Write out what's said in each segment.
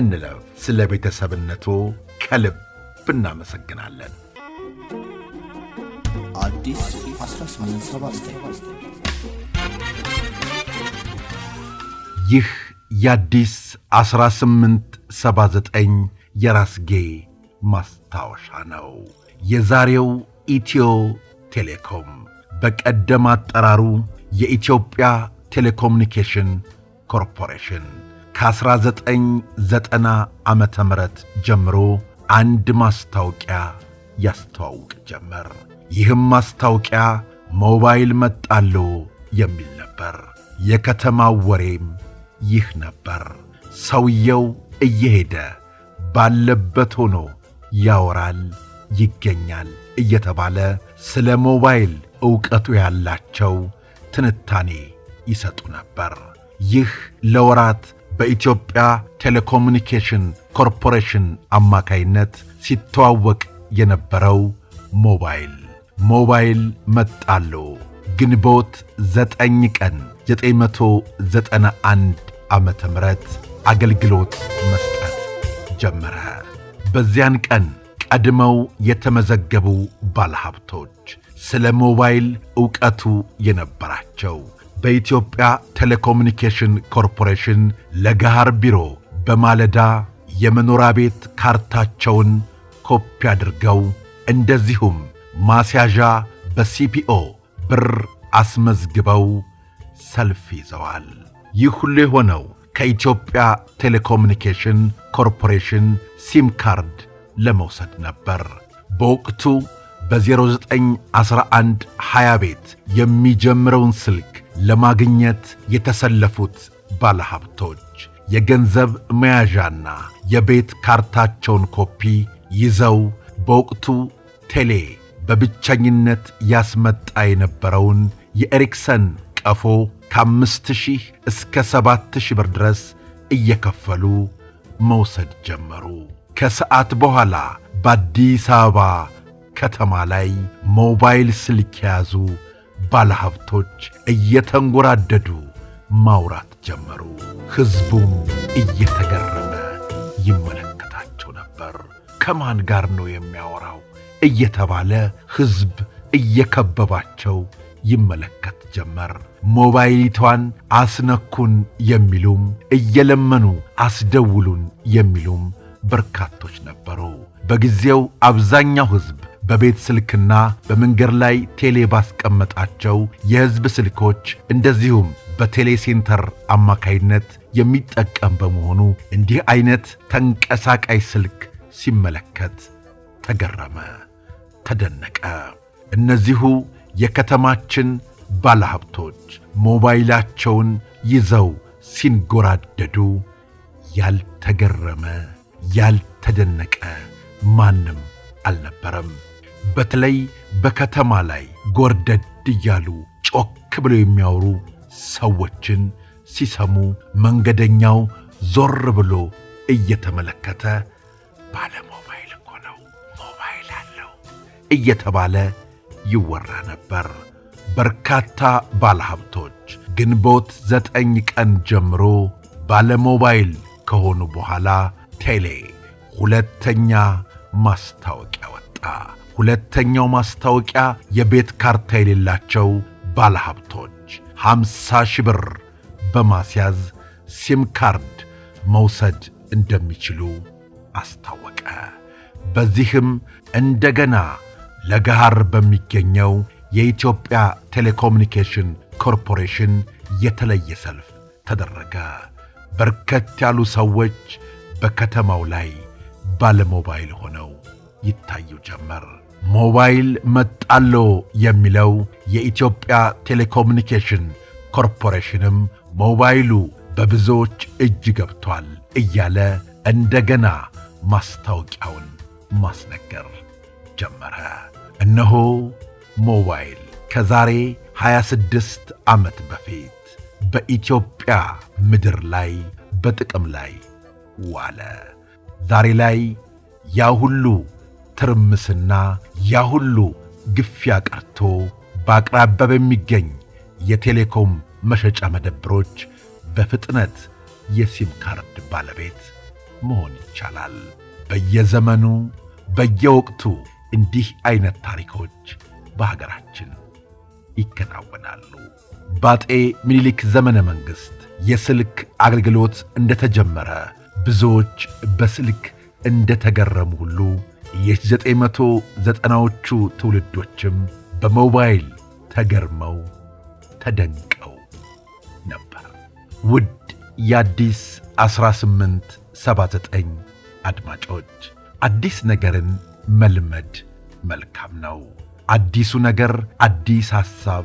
እንለፍ። ስለ ቤተሰብነቱ ከልብ እናመሰግናለን። ይህ የአዲስ 1879 የራስጌ ማስታወሻ ነው። የዛሬው ኢትዮ ቴሌኮም በቀደም አጠራሩ የኢትዮጵያ ቴሌኮሙኒኬሽን ኮርፖሬሽን ከ1990 ዓመተ ምህረት ጀምሮ አንድ ማስታወቂያ ያስተዋውቅ ጀመር። ይህም ማስታወቂያ ሞባይል መጣሎ የሚል ነበር። የከተማው ወሬም ይህ ነበር። ሰውየው እየሄደ ባለበት ሆኖ ያወራል፣ ይገኛል እየተባለ ስለ ሞባይል ዕውቀቱ ያላቸው ትንታኔ ይሰጡ ነበር። ይህ ለወራት በኢትዮጵያ ቴሌኮሙኒኬሽን ኮርፖሬሽን አማካይነት ሲተዋወቅ የነበረው ሞባይል ሞባይል መጣሉ ግንቦት 9 ቀን 991 ዓመተ ምህረት አገልግሎት መስጠት ጀመረ። በዚያን ቀን ቀድመው የተመዘገቡ ባለሀብቶች ስለ ሞባይል ዕውቀቱ የነበራቸው በኢትዮጵያ ቴሌኮሙኒኬሽን ኮርፖሬሽን ለገሃር ቢሮ በማለዳ የመኖሪያ ቤት ካርታቸውን ኮፒ አድርገው እንደዚሁም ማስያዣ በሲፒኦ ብር አስመዝግበው ሰልፍ ይዘዋል። ይህ ሁሉ የሆነው ከኢትዮጵያ ቴሌኮሙኒኬሽን ኮርፖሬሽን ሲም ካርድ ለመውሰድ ነበር። በወቅቱ በ0911 20 ቤት የሚጀምረውን ስልክ ለማግኘት የተሰለፉት ባለሀብቶች የገንዘብ መያዣና የቤት ካርታቸውን ኮፒ ይዘው በወቅቱ ቴሌ በብቸኝነት ያስመጣ የነበረውን የኤሪክሰን ቀፎ ከአምስት ሺህ እስከ ሰባት ሺህ ብር ድረስ እየከፈሉ መውሰድ ጀመሩ። ከሰዓት በኋላ በአዲስ አበባ ከተማ ላይ ሞባይል ስልክ የያዙ ባለሀብቶች እየተንጎራደዱ ማውራት ጀመሩ። ሕዝቡም እየተገረመ ይመለከታቸው ነበር። ከማን ጋር ነው የሚያወራው እየተባለ ሕዝብ እየከበባቸው ይመለከት ጀመር። ሞባይሊቷን አስነኩን የሚሉም እየለመኑ አስደውሉን የሚሉም በርካቶች ነበሩ። በጊዜው አብዛኛው ሕዝብ በቤት ስልክና በመንገድ ላይ ቴሌ ባስቀመጣቸው የሕዝብ ስልኮች እንደዚሁም በቴሌ ሴንተር አማካይነት የሚጠቀም በመሆኑ እንዲህ አይነት ተንቀሳቃሽ ስልክ ሲመለከት ተገረመ፣ ተደነቀ። እነዚሁ የከተማችን ባለሀብቶች ሞባይላቸውን ይዘው ሲንጎራደዱ ያልተገረመ ያልተደነቀ ማንም አልነበረም። በተለይ በከተማ ላይ ጎርደድ እያሉ ጮክ ብለው የሚያወሩ ሰዎችን ሲሰሙ መንገደኛው ዞር ብሎ እየተመለከተ ባለ ሞባይል እኮ ነው፣ ሞባይል አለው እየተባለ ይወራ ነበር። በርካታ ባለሀብቶች ግንቦት ዘጠኝ ቀን ጀምሮ ባለ ሞባይል ከሆኑ በኋላ ቴሌ ሁለተኛ ማስታወቂያ ወጣ። ሁለተኛው ማስታወቂያ የቤት ካርታ የሌላቸው ባለሀብቶች 50 ሺህ ብር በማስያዝ ሲም ካርድ መውሰድ እንደሚችሉ አስታወቀ። በዚህም እንደገና ለገሃር በሚገኘው የኢትዮጵያ ቴሌኮሙኒኬሽን ኮርፖሬሽን የተለየ ሰልፍ ተደረገ። በርከት ያሉ ሰዎች በከተማው ላይ ባለሞባይል ሆነው ይታዩ ጀመር። ሞባይል መጣሎ የሚለው የኢትዮጵያ ቴሌኮሙኒኬሽን ኮርፖሬሽንም ሞባይሉ በብዙዎች እጅ ገብቷል እያለ እንደገና ማስታወቂያውን ማስነገር ጀመረ። እነሆ ሞባይል ከዛሬ 26 ዓመት በፊት በኢትዮጵያ ምድር ላይ በጥቅም ላይ ዋለ። ዛሬ ላይ ያ ሁሉ ትርምስና ያ ሁሉ ግፊያ ቀርቶ በአቅራቢያ በሚገኝ የቴሌኮም መሸጫ መደብሮች በፍጥነት የሲም ካርድ ባለቤት መሆን ይቻላል። በየዘመኑ በየወቅቱ እንዲህ አይነት ታሪኮች በሀገራችን ይከናወናሉ። በአጤ ምኒልክ ዘመነ መንግሥት የስልክ አገልግሎት እንደተጀመረ ብዙዎች በስልክ እንደተገረሙ ሁሉ የ1990ዎቹ ትውልዶችም በሞባይል ተገርመው ተደንቀው ነበር። ውድ የአዲስ 1879 አድማጮች አዲስ ነገርን መልመድ መልካም ነው። አዲሱ ነገር አዲስ ሐሳብ፣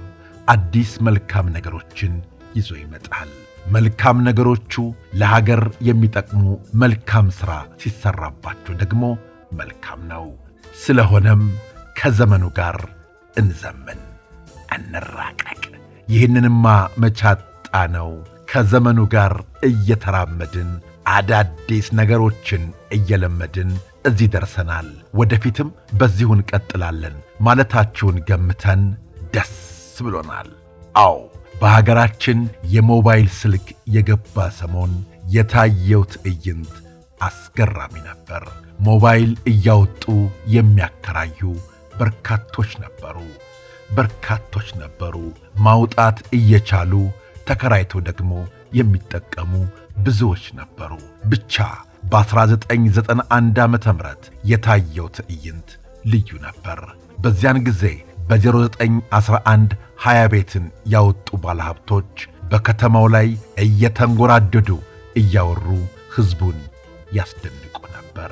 አዲስ መልካም ነገሮችን ይዞ ይመጣል። መልካም ነገሮቹ ለሀገር የሚጠቅሙ መልካም ሥራ ሲሠራባቸው ደግሞ መልካም ነው። ስለሆነም ከዘመኑ ጋር እንዘምን፣ እንራቀቅ። ይህንንማ መቻጣ ነው። ከዘመኑ ጋር እየተራመድን አዳዲስ ነገሮችን እየለመድን እዚህ ደርሰናል፣ ወደፊትም በዚሁ እንቀጥላለን ማለታችሁን ገምተን ደስ ብሎናል። አዎ በሀገራችን የሞባይል ስልክ የገባ ሰሞን የታየው ትዕይንት አስገራሚ ነበር። ሞባይል እያወጡ የሚያከራዩ በርካቶች ነበሩ በርካቶች ነበሩ። ማውጣት እየቻሉ ተከራይተው ደግሞ የሚጠቀሙ ብዙዎች ነበሩ። ብቻ በ1991 ዓ ም የታየው ትዕይንት ልዩ ነበር። በዚያን ጊዜ በ0911 ሀያ ቤትን ያወጡ ባለሀብቶች በከተማው ላይ እየተንጎራደዱ እያወሩ ሕዝቡን ያስደንቁ ነበር።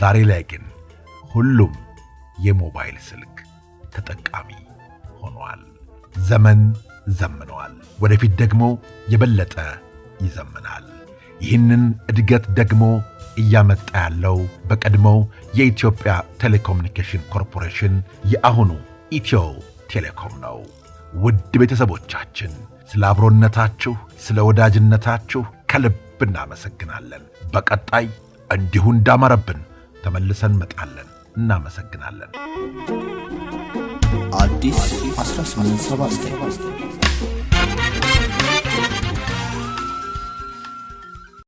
ዛሬ ላይ ግን ሁሉም የሞባይል ስልክ ተጠቃሚ ሆኗል። ዘመን ዘምነዋል። ወደፊት ደግሞ የበለጠ ይዘምናል። ይህንን እድገት ደግሞ እያመጣ ያለው በቀድሞው የኢትዮጵያ ቴሌኮሙኒኬሽን ኮርፖሬሽን የአሁኑ ኢትዮ ቴሌኮም ነው። ውድ ቤተሰቦቻችን ስለ አብሮነታችሁ፣ ስለ ወዳጅነታችሁ ከልብ እናመሰግናለን። በቀጣይ እንዲሁ እንዳማረብን ተመልሰን መጣለን። እናመሰግናለን። አዲስ 1879